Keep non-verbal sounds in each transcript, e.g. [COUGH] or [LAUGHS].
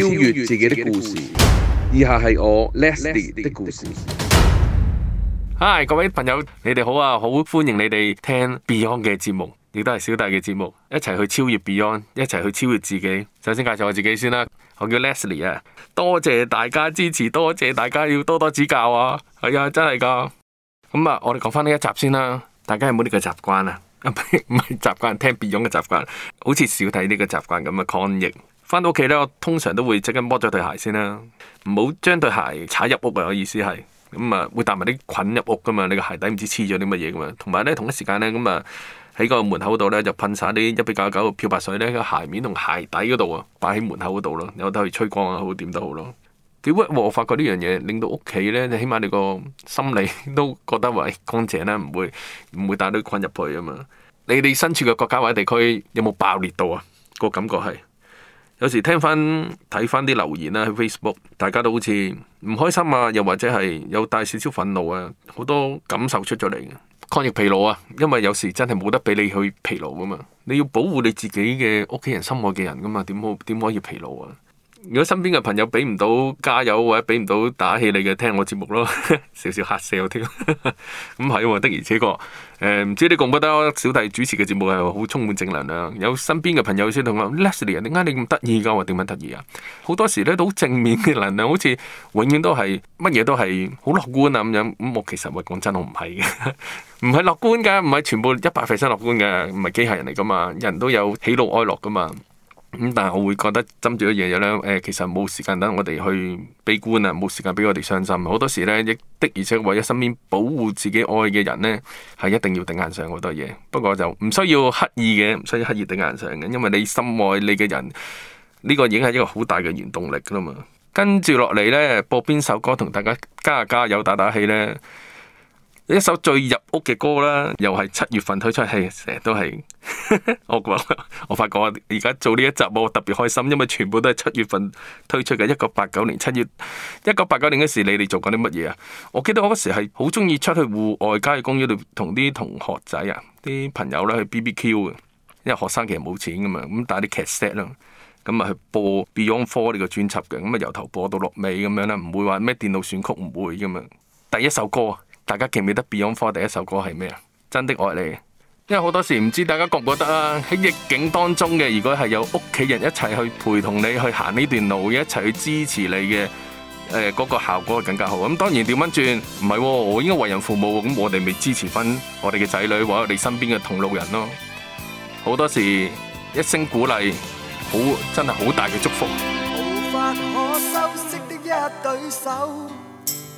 超越自己的故事，以下係我 Leslie 的故事。嗨，各位朋友，你哋好啊！好歡迎你哋聽 Beyond 嘅節目，亦都係小弟嘅節目，一齊去超越 Beyond，一齊去超越自己。首先介紹我自己先啦，我叫 Leslie 啊，多謝大家支持，多謝大家要多多指教啊，係啊，真係㗎。咁啊，我哋講翻呢一集先啦。大家有冇呢個習慣啊？唔 [LAUGHS] 係習慣聽 Beyond 嘅習慣，好似小弟呢個習慣咁嘅。抗疫。翻到屋企咧，我通常都會即刻剝咗對鞋先啦，唔好將對鞋踩入屋啊！我意思係咁啊，會帶埋啲菌入屋噶嘛？你個鞋底唔知黐咗啲乜嘢噶嘛。同埋咧同一時間咧咁啊，喺個門口度咧就噴灑啲一比九九漂白水咧，個鞋面同鞋底嗰度啊，擺喺門口嗰度咯，然後攤去吹乾啊，好點都好咯。幾屈我發覺呢樣嘢令到屋企咧，你起碼你個心理都覺得話誒、哎、乾淨啦，唔會唔會帶啲菌入去啊嘛？你哋身處嘅國家或者地區有冇爆裂到啊？個感覺係。有時聽翻睇翻啲留言啦、啊，喺 Facebook，大家都好似唔開心啊，又或者係有帶少少憤怒啊，好多感受出咗嚟嘅抗疫疲勞啊，因為有時真係冇得俾你去疲勞噶、啊、嘛，你要保護你自己嘅屋企人心愛嘅人噶、啊、嘛，點可點可以疲勞啊？如果身邊嘅朋友俾唔到加油或者俾唔到打氣你的，你嘅聽我節目咯， [LAUGHS] 少少嚇死我添、 [LAUGHS] 嗯。咁係喎，的而且確。誒、呃，唔知你覺唔覺得小弟主持嘅節目係好充滿正能量的？有身邊嘅朋友先同我講 Leslie，點解你咁得意㗎？我點樣得意啊？好多時咧都好正面嘅能量，好似永遠都係乜嘢都係好樂觀啊咁樣。咁、嗯、我其實話講真的，我唔係嘅，唔係樂觀㗎，唔係全部一百 percent 樂觀嘅，唔係機械人嚟㗎嘛，人都有喜怒哀樂㗎嘛。咁但係我會覺得針住啲嘢嘢咧，誒，其實冇時間等我哋去悲觀啊，冇時間俾我哋傷心。好多時咧，亦的而且為咗身邊保護自己愛嘅人咧，係一定要頂硬上好多嘢。不過就唔需要刻意嘅，唔需要刻意頂硬上嘅，因為你深愛你嘅人，呢個已經係一個好大嘅原動力噶啦嘛。跟住落嚟咧，播邊首歌同大家加下加油打打氣咧。一首最入屋嘅歌啦，又係七月份推出，係成日都係。我講，我發覺而家做呢一集我特別開心，因為全部都係七月份推出嘅。一九八九年七月，一九八九年嗰時你哋做緊啲乜嘢啊？我記得我嗰時係好鍾意出去戶外，加去公園度同啲同學仔啊，啲朋友咧去 BBQ 啊，因為學生其實冇錢噶嘛，咁帶啲劇 set 啦，咁啊去播 Beyond Four 呢個專輯嘅，咁啊由頭播到落尾咁樣啦，唔會話咩電腦選曲唔會咁樣。第一首歌。大家記唔記得 Beyond Four 第一首歌係咩啊？真的愛你。因為好多時唔知大家覺唔覺得啊，喺逆境當中嘅，如果係有屋企人一齊去陪同你去行呢段路，一齊去支持你嘅，誒、呃，嗰、嗰個效果更加好。咁當然點樣轉，唔係、哦，我應該為人父母，咁我哋咪支持翻我哋嘅仔女，或者我哋身邊嘅同路人咯。好多時一聲鼓勵，好真係好大嘅祝福。無法可修飾的一對手。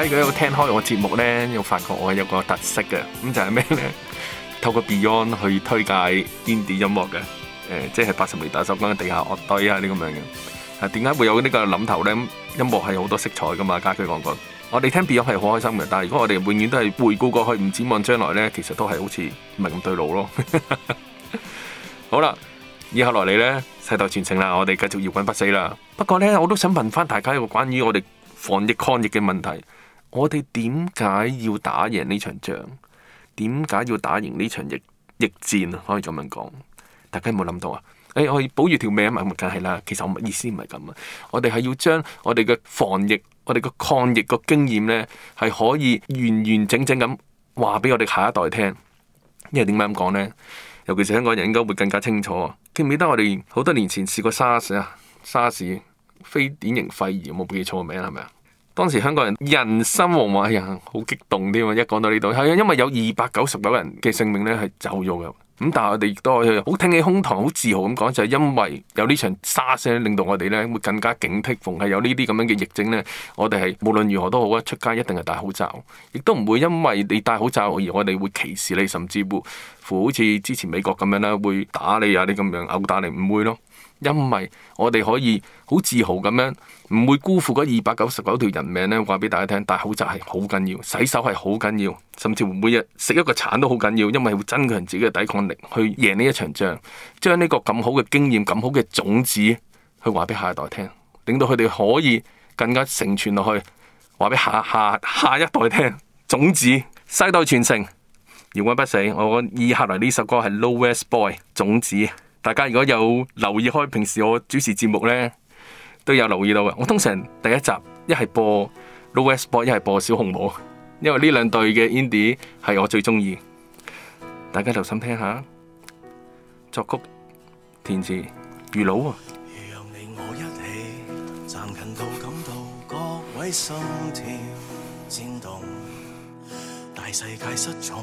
而家佢喺度聽開我節目咧，又發覺我有個特色嘅，咁就係咩咧？透過 Beyond 去推介經典音樂嘅，誒，即係八十年代收緊嘅地下樂隊啊啲咁樣嘅。啊，點解會有呢個諗頭咧？音樂係好多色彩噶嘛，家駒講講。我哋聽 Beyond 係好開心嘅，但係如果我哋永遠都係回顧過去，唔展望將來咧，其實都係好似唔係咁對路咯。好啦，以後來嚟咧，世代傳承啦，我哋繼續搖滾不死啦。不過咧，我都想問翻大家一個關於我哋防疫抗疫嘅問題。我哋點解要打贏呢場仗？點解要打贏呢場疫疫戰啊？可以咁樣講，大家有冇諗到、欸、啊？誒，我要保住條命咪梗係啦。其實我意思唔係咁啊。我哋係要將我哋嘅防疫，我哋嘅抗疫嘅經驗咧，係可以完完整整咁話俾我哋下一代聽。因為點解咁講咧？尤其是香港人應該會更加清楚。記唔記得我哋好多年前試過沙士啊？沙士非典型肺炎我有冇記錯個名係咪啊？當時香港人人心惶惶，哎呀，好激動添啊！一講到呢度，係因為有二百九十九人嘅性命咧係走咗嘅。咁但係我哋亦都可以好挺起胸膛，好自豪咁講，就係因為有呢場沙士，令到我哋咧會更加警惕。逢係有呢啲咁樣嘅疫症咧，我哋係無論如何都好，出街一定係戴口罩，亦都唔會因為你戴口罩而我哋會歧視你，甚至乎。好似之前美國咁樣啦，會打你啊，你咁樣，毆打你，唔會咯。因為我哋可以好自豪咁樣，唔會辜負嗰二百九十九條人命呢。話俾大家聽，戴口罩係好緊要，洗手係好緊要，甚至乎每日食一個橙都好緊要，因為會增強自己嘅抵抗力，去贏呢一場仗。將呢個咁好嘅經驗、咁好嘅種子，去話俾下一代聽，令到佢哋可以更加承傳落去，話俾下下下，下一代聽，種子世代傳承。搖滾不死，我講以下嚟呢首歌係 Lowest Boy，種子。大家如果有留意開，平時我主持節目咧都有留意到嘅。我通常第一集一係播 Lowest Boy，一係播小紅帽，因為呢兩隊嘅 indie 係我最中意。大家留心聽下，作曲填詞余老啊。讓你我一起，暫近到感到，各位心跳顫動，大世界失重。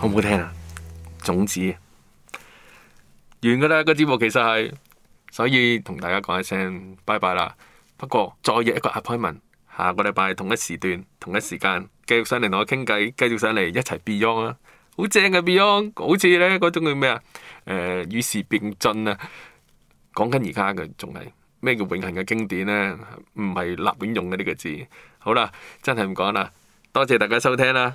好唔好聽啊？總之完噶啦，個節目其實係，所以同大家講一聲拜拜啦。不過再約一個 appointment，下個禮拜同一時段，同一時間繼續上嚟同我傾偈，繼續上嚟一齊 beyond 啦，好正嘅 beyond，好似咧嗰種叫咩啊，誒，與時並進啊。講緊而家嘅仲係咩叫永恆嘅經典咧？唔係立本用嘅呢個字。好啦，真係唔講啦，多謝大家收聽啦。